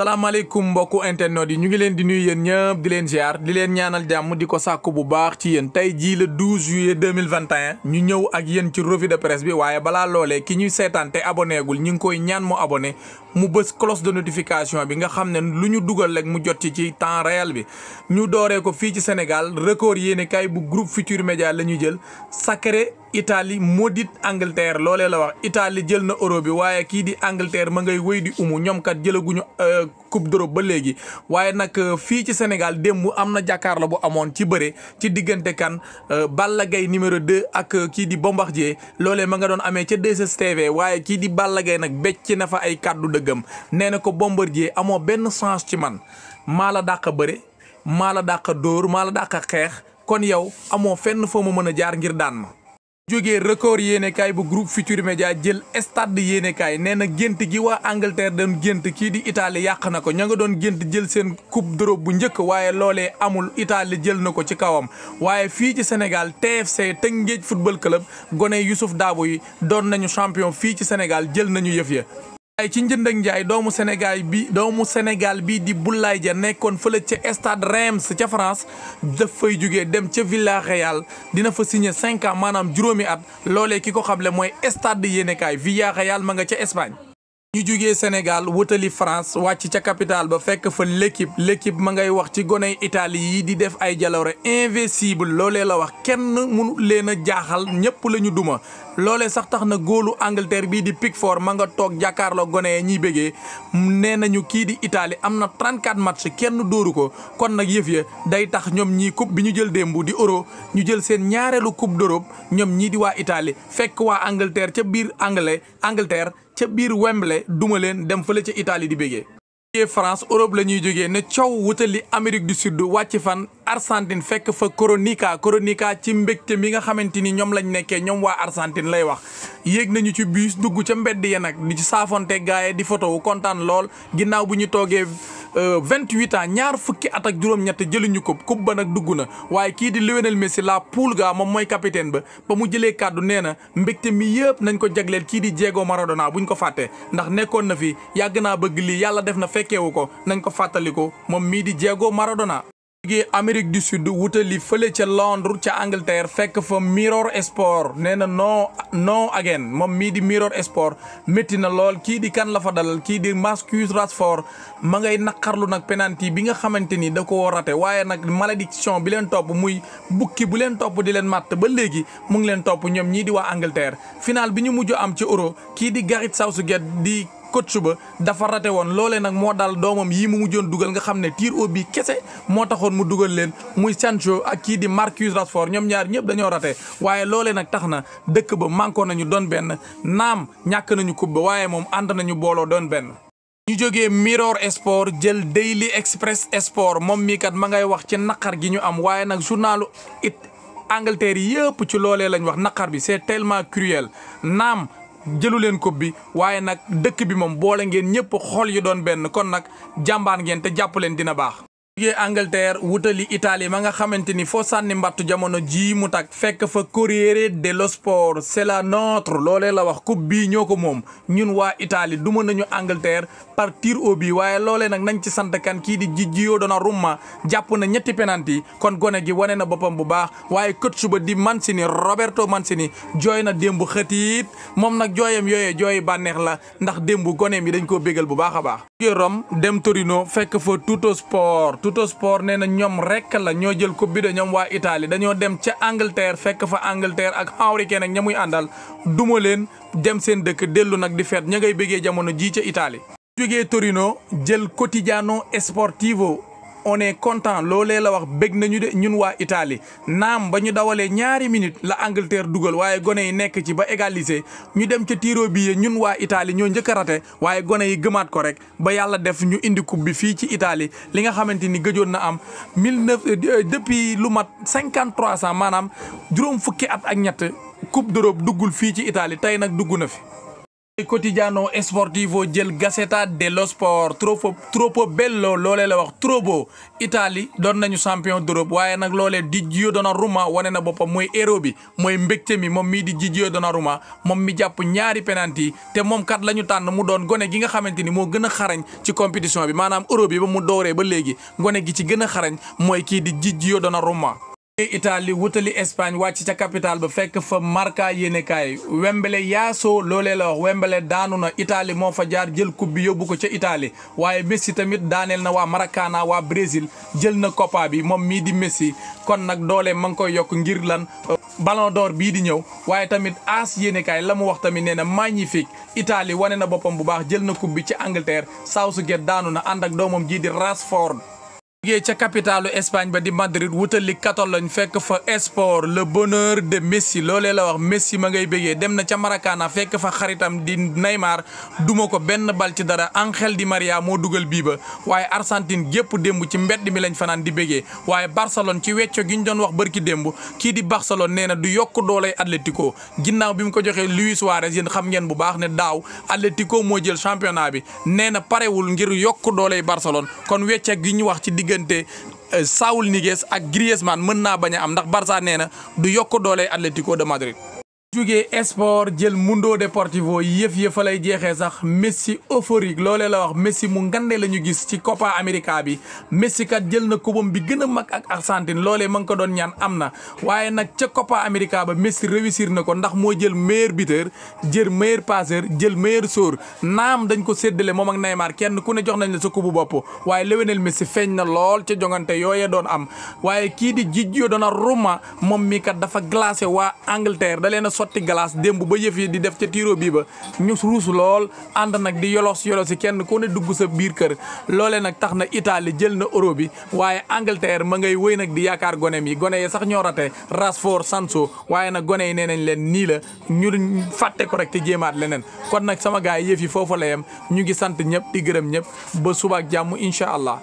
salaamaaleykum mbokku internet yi ñu ngi leen di nuyu yéen ñëpp di leen ziar di leen ñaanal jàmm di ko sàkku bu baax ci yéen tey jii le 12 juillet 2021 ñu ñëw ak yéen ci revue de presse bi waaye balaa loolee ki ñuy seetaan te aboné ñu ngi koy ñaan mu abone mu bës cloche de notification bi nga xam ne lu ñu dugal rek mu jot ci ci temps réel bi ñu dooree ko fii ci Sénégal record yéene kay bu groupe Futur Média la ñuy jël sacré Italie maudite Angleterre loolee la wax Italie jël na euro bi waaye kii di Angleterre ma ngay wéy di umu ñoom kat jëlaguñu euh, coupe d'Europe ba léegi waaye nag euh, fii ci Sénégal démb am na jàkkaarloo bu amoon ci bëre ci diggante kan euh, Balla Gaye numéro 2 ak kii di Bombardier loolee ma nga doon amee ca 2 waaye kii di Balla Gaye nag becc na fa ay kàddu gëm nee na ko Bombardier amoo benn change ci man maa la dàq bëre maa la dàq dóor maa la dàq xeex kon yow amoo fenn foo ma mën a jaar ngir daan ma. jógee record yéenekaay bu groupe Futurs Médias jël stade yéenekaay nee na gént gi waa Angleterre doon gént kii di Italie yàq na ko ña nga doon gént jël seen coupe d'Europe bu njëkk waaye loolee amul Italie jël na ko ci kawam waaye fii ci senegal TFC Tëngéej football club gone Youssouf Daabo yi doon nañu champion fii ci senegal jël nañu yëf ya ay ci njënd ak doomu Sénégal bi doomu Sénégal bii di Boulaye ja nekkoon fële ca stade Reims ca France daf fay jugee dem ca Villarreal dina fa signé cinq maanaam juróomi at loolee ki ko xamle mooy stade yéenekaay Villarreal ma nga ca Espagne. ñu jugee Sénégal wutali France wàcc ca capitale ba fekk fa l'équipe l'équipe ma ngay wax ci goney Italie yi di def ay jaloore invincible loolee la wax kenn mu leen a jaaxal ñëpp lañu duma loole sax tax na góolu Angleterre bii di Pickford ma nga toog jàkkaarloo gone yi ñuy bégee nee nañu kii di Italie am na 34 match kenn dóoru ko kon nag yëf ya day tax ñoom ñi coupe bi ñu jël démb di euro ñu jël seen ñaareelu coupe d'Europe ñoom ñii di waa Italie fekk waa Angleterre ca biir anglais Angleterre ca biir Wembley duma leen dem fële ca Italie di bégee France Europe la ñuy jógee ne coow wutali Amérique du Sud wàcc fan Argentine fekk fa Coronica Coronica ci mbégte mi nga xamante ni ñoom lañ nekkee ñoom waa Argentine lay wax yéeg nañu ci bus dugg ca mbedd ya nag di ci saafonte gaay di photo kontaan lool ginnaaw bu ñu toogee 28 euh, ans ñaar fukki at ak juróom-ñett jëluñu ko coupe ba nag dugg na waaye kii di Lionel Messi la Pulga moom mooy capitaine ba ba mu jëlee kàddu nee na mbégte mi yëpp nañ ko jagleel kii di Diego Maradona buñ ko fàtte ndax nekkoon na fi yàgg naa bëgg lii yàlla def na fekkeewu ko nañ ko fàttali ko moom mii di Diego Maradona liggéey Amérique du Sud wutali fële ca Londres ca Angleterre fekk fa Mirror Sport nee na non non again moom mii di Mirror Sport métti na lool kii di kan la fa dalal kii di Marcus Rashford ma ngay naqarlu nag penalty bi nga xamante ni da ko rate waaye nag malédiction bi leen topp muy bukki bu leen topp di leen matt ba léegi mu ngi leen topp ñoom ñii di waa Angleterre final bi ñu mujj am ci Euro kii di Gareth Southgate di coach ba dafa rate woon loolee nag moo daal doomam yi mu mujjoon dugal nga xam ne tir au but kese moo taxoon mu dugal leen muy Sancho ak kii di Marcus Rashford ñoom ñaar ñëpp dañoo rate waaye loolee nag tax na dëkk ba mànkoo nañu doon benn naam ñàkk nañu coupe ba waaye moom ànd nañu booloo doon benn ñu jogee Mirror Sport jël Daily Express Sport moom mii kat ma ngay wax ci naqar gi ñu am waaye nag journalu it Angleterre yëpp ci loolee lañ wax naqar bi c'est tellement cruel naam jëlu leen coupe bi waaye nag dëkk bi moom boole ngeen ñëpp xool yi doon benn kon nag jàmbaar ngeen te jàpp leen dina baax. jógee Angleterre wutali Italie ma nga xamante ni foo sànni mbattu jamono jii mu tag fekk fa Corriere dello Sport c'est la nôtre loolee la wax coupe bii ñoo ko moom ñun waa Italie du mën nañu Angleterre par tir au but waaye loolee nag nañ ci sant kan kii di Gigio Donnarumma jàpp na ñetti penalty kon gone gi wane na boppam bu baax waaye coach ba di Mancini Roberto ni jooy na démb xëtiit moom nag jooyam yooyee jooy bànneex la ndax démb gone yi dañ koo bégal bu baax a baax. Tutto Sport nee na ñoom rek la ñoo jël ko bi ñoom waa itali dañoo dem ca Angleterre fekk fa Angleterre ak Harry Kane ak ña muy àndal duma leen dem seen dëkk dellu nag di feet ña ngay bëggee jamono jii ca Italie. jógee Torino jël Quotidiano Sportivo. on est content loolee la wax bég nañu de ñun waa itali naam ba ñu dawalee ñaari minutes la Angleterre dugal waaye gone yi nekk ci ba égaliser ñu dem ca tiro bi ñun waa itali ñoo njëkk waaye gone yi gëmaat ko rek ba yàlla def ñu indi coupe bi fii ci itali li nga xamante ni gëjoon na am mille neuf euh, euh, depuis lu mat cinquante trois ans maanaam juróom fukki at ak ñett coupe d'Europe duggul fii ci itali tey nag dugg na fi. Quotidiano Sportivo jël Gazzetta dello Sport tropo trop bello loolee la wax trop beau doon nañu champion d'Europe waaye nag loolee di Gigio Donnarumma wane na boppam mooy héros bi mooy mbégte mi moom mii di Gigio Donnarumma moom mi jàpp ñaari penalty te moom kat la ñu tànn mu doon gone gi nga xamante ni moo gën a xarañ ci compétition bi maanaam Euro bi mu dooree ba léegi gone gi ci gën a xarañ mooy kii di Gigio Donnarumma Italie wutali Espagne ci ca capital ba fekk fa Marca yéenekaay Wembele yaasoo loolee la wembale daanu na itaali moo fa jaar jël coupe yóbbu ko ca itaali waaye Messi tamit daaneel na waa Maracana waa Brésil jël na Copa bi moom mii di Messi kon nag doole ma ngi koy yokk ngir lan Ballon d'Or bii di ñëw waaye tamit AS yéenekaay la mu wax tamit nee na magnifique Italie wane na boppam bu baax jël na coupe bi ci Angleterre Southgate daanu na ànd ak jii di Rashford liggéey ca capitalu Espagne ba di Madrid wutali Catalogne fekk fa sport le bonheur de Messi loolee la wax Messi ma ngay bëggee dem na ca Maracana fekk fa xaritam di Neymar duma ko benn bal ci dara Angel Di Maria moo dugal bii ba waaye Argentine gépp demb ci mbedd mi lañ fanaan di bëggee waaye Barcelone ci wecco gi ñu doon wax bërki démb kii di Barcelone nee na du yokk doolay Atlético ginnaaw bi mu ko joxee Luis Suarez yéen xam ngeen bu baax ne daaw Atlético moo jël championnat bi nee na ngir yokk doolay diggante euh, Saúl Ñíguez ak Griezmann mën naa bañ a am ndax Barça nee na du yokk doole Atlético de Madrid. jógee sport jël Mundo Deportivo yëf yëf fa lay jeexee sax Messi euphorique loolee la wax Messi mu ngande la ñu gis ci Copa América bi Messi kat jël na kubam bi gën a mag ak Argentine loolee ma ngi ko doon ñaan am na waaye nag ca Copa América ba Messi réussir na ko ndax moo jël meilleur buteur jël meilleur passeur jël meilleur sóor naam dañ ko séddale moom ak Neymar kenn ku ne jox nañ la sa bu bopp waaye Lionel Messi feeñ na lool ca jongante yooyee doon am waaye kii di Gigio Donnarumma moom mi kat dafa glacé waa Angleterre sotti glace démb ba yëf yi di def ca tiro bii ba ñu ruus lool ànd nag di yolos yolosi kenn ku ne dugg sa biir kër loolee nag tax na itali jël na euro bi waaye Angleterre ma ngay wéy nag di yaakaar goneem yi gone yi sax ñoo rate Rashford Sancho waaye nag gone yi nee nañ leen nii la ñu fàtte ko rek jéemaat leneen kon nag sama gars yi yëf yi foofu la yam ñu ngi sant ñëpp di gërëm ñëpp ba suba jàmm incha allah